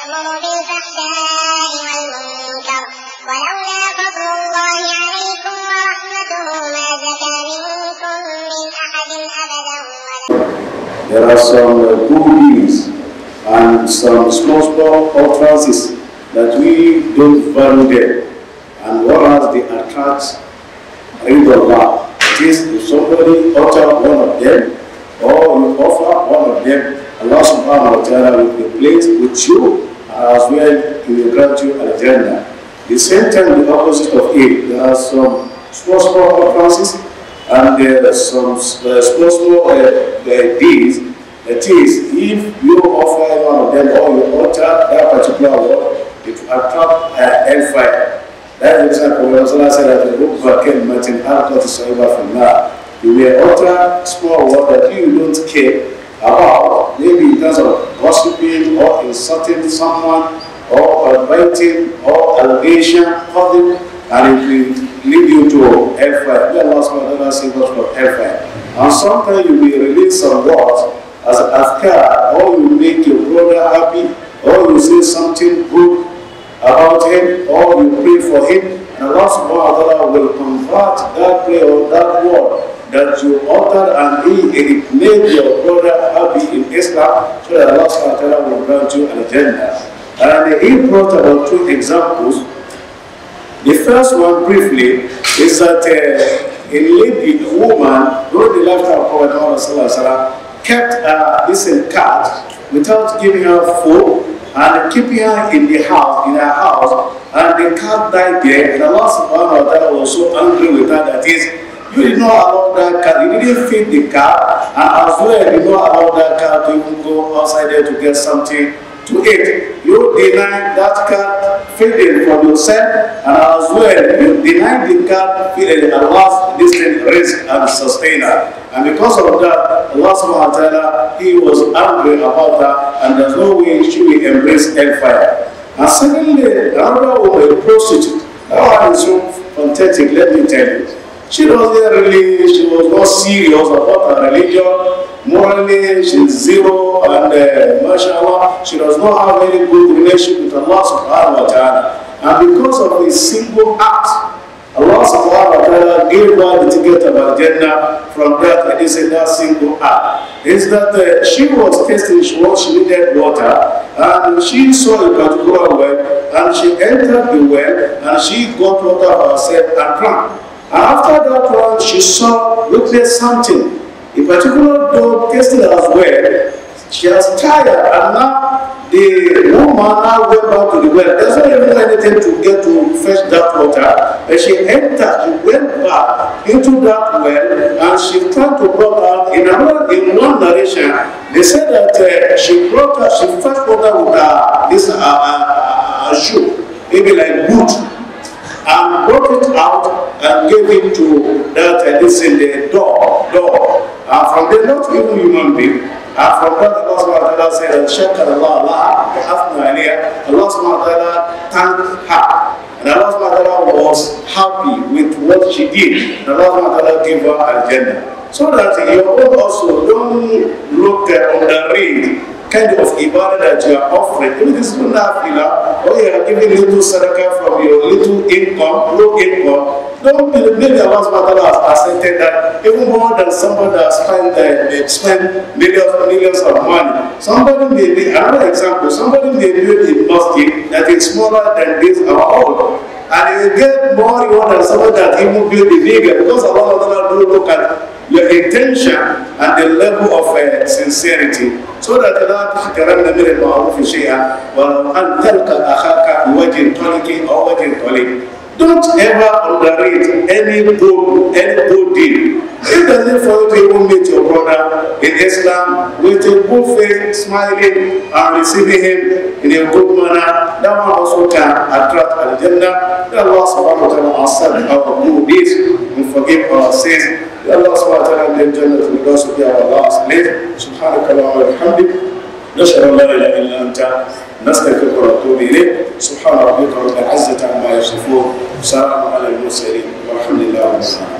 يأمر بالفحشاء والمنكر ولولا فضل الله عليكم ورحمته ما زكى منكم من أحد أبدا There are some uh, movies and some small utterances that we don't value them. And what else they attract read of Allah. It is if somebody utter one of them or you offer one of them, Allah subhanahu wa ta'ala will be pleased with you as well in will grant you The same time, the opposite of it, there are some small, small occurrences and there are some uh, small, small uh, uh, deeds. That is, if you offer one of them or you alter that particular word, it will attract uh, hellfire. That is the I said that the Rubba came Martin Al-Qat Sahiba from You may alter small word that you don't care about maybe in terms of gossiping or insulting someone or backbiting or allegation, causing, and it will lead you to hellfire. May Allah subhanahu wa ta'ala save us from hellfire. And sometimes you will release some words as a afkar, or you make your brother happy, or you say something good about him, or you pray for him, and Allah subhanahu wa ta'ala will convert that prayer, or that word that you uttered and he it made your brother happy in Islam so that Allah subhanahu wa ta'ala will grant you an agenda. And he brought about two examples. The first one briefly is that uh, a Libyan woman who the lifetime of Prophet Muhammad kept a uh, this cat without giving her food and keep her in the house, in her house, and the cat died there, and Allah subhanahu wa ta'ala was so angry with her that is, you did not allow that cat, you didn't feed the cat, and as well, you did not allow that cat to even go outside there to get something to eat. You denied that cat feeding for yourself, and as well, you denied the cat feeding, and lost this risk and sustainer. And because of that, Allah subhanahu wa ta'ala, he was angry about that, and there's no way she will embrace hellfire. And secondly, another woman, a prostitute, that one is so pathetic, let me tell you. She wasn't really, she was not serious about her religion. Morally, she's zero, and uh, mashallah, she does not have any good relationship with Allah subhanahu wa ta'ala. And because of a single act, he won the ticket of from that Edisinda single act. Is that uh, she was tasting, she, was, she needed water, and she saw a particular well, and she entered the well, and she got water herself and drank. after that one, she saw, at something. A particular dog tasting as well, she was tired, and now the woman now went back to the well. Doesn't even anything to fetch that water, and she entered the went back into that well, and she tried to pour out in another in one narration. They said that uh, she brought out, she fetched water with her this uh, uh, uh, shoe, maybe like boot, and brought it out and gave it to that uh, this in the dog, dog, and from there not even human being. And from Afrobat Allah subhanahu wa ta'ala said, Shakar Allah, Allah, Hafna Aliyah. Allah subhanahu wa ta'ala thanked her. And Allah SWT was happy with what she did. And Allah SWT gave her agenda, So that you also don't look at on the ring kind of ibadah that you are offering, even this sunnah fila, or oh you are giving little sadaqah from your little income, low income, don't believe maybe Allah subhanahu has accepted that even more than somebody that spent, uh, spend millions millions of money. Somebody may be, another example, somebody may build a mosque that is smaller than this at all, And he will get more reward than somebody that even built a bigger because Allah subhanahu wa ta'ala do look at your intention and the level of uh, sincerity so that لا تحقرن من المعروف شيئا ولو أن تلقى أخاك بوجه طلق أو وجه طلق Don't ever underrate any good, any good deed. It doesn't for you to even meet your brother in Islam with a good face, smiling, and receiving him in a good manner. That one also can attract Al-Jannah. Allah subhanahu wa ta'ala has said, how to do this and forgive our sins. الله سبحانه وتعالى من الجنة والناس فيها والله أصليت سبحانك اللهم وبحمدك نشهد أن لا إله إلا أنت نستغفرك ونتوب إليك سبحان ربك رب العزة عما يصفون وسلام على المرسلين والحمد لله رب العالمين